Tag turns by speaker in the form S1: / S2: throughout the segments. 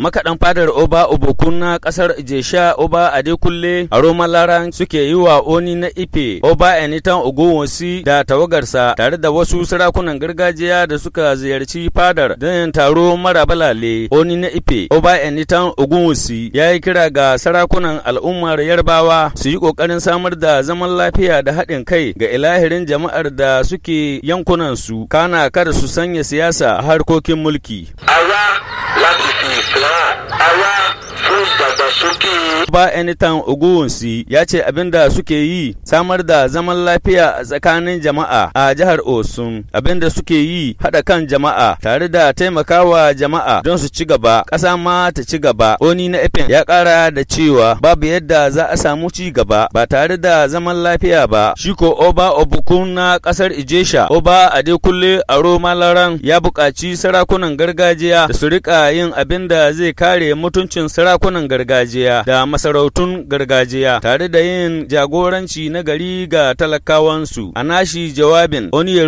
S1: makaɗan fadar Oba Obokun na ƙasar Jesha Oba Adekunle a Roman Laran suke yi wa Oni na Ife Oba Enitan Ogunwosi da tawagarsa tare da wasu sarakunan gargajiya da suka ziyarci fadar don yin taro mara balale Oni na Ife Oba Enitan Ogunwosi ya yi kira ga sarakunan al'ummar Yarbawa su yi ƙoƙarin samar da zaman lafiya da haɗin kai ga ilahirin jama'ar da suke yankunan su kana kada su sanya siyasa harkokin mulki. lagu Islam ba anytime oguwunsi ya ce abin da suke yi samar da zaman lafiya a tsakanin jama'a a jihar osun abin da suke yi haɗa kan jama'a tare da taimakawa jama'a don su ci gaba ƙasa ma ta ci gaba oni na efin ya ƙara da cewa babu yadda za a samu ci gaba ba tare da zaman lafiya ba shiko oba obukun na ƙasar ijesha oba adekunle aro malaran ya buƙaci sarakunan gargajiya da su riƙa yin abin da zai kare mutuncin sarakunan gargajiya da masarautun gargajiya tare da yin jagoranci na gari ga talakawansu. A nashi jawabin wani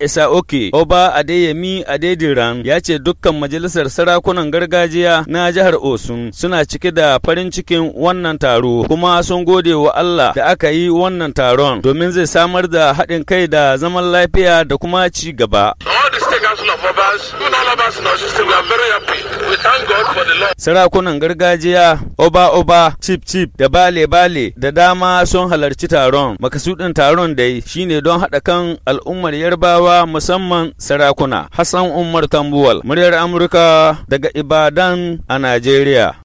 S1: isa oke Oba Adeyemi Adediran ya ce dukkan majalisar sarakunan gargajiya na jihar Osun suna cike da farin cikin wannan taro kuma sun gode wa Allah da aka yi wannan taron domin zai samar da haɗin kai da zaman lafiya da kuma ci gaba. All the state Sarakunan gargajiya, oba-oba, chip chip da bale-bale da dama sun halarci taron. Makasudin taron dai shine don haɗa kan al'ummar Yarbawa musamman sarakuna. Hassan Umar Tambuwal, muryar Amurka daga Ibadan a Najeriya.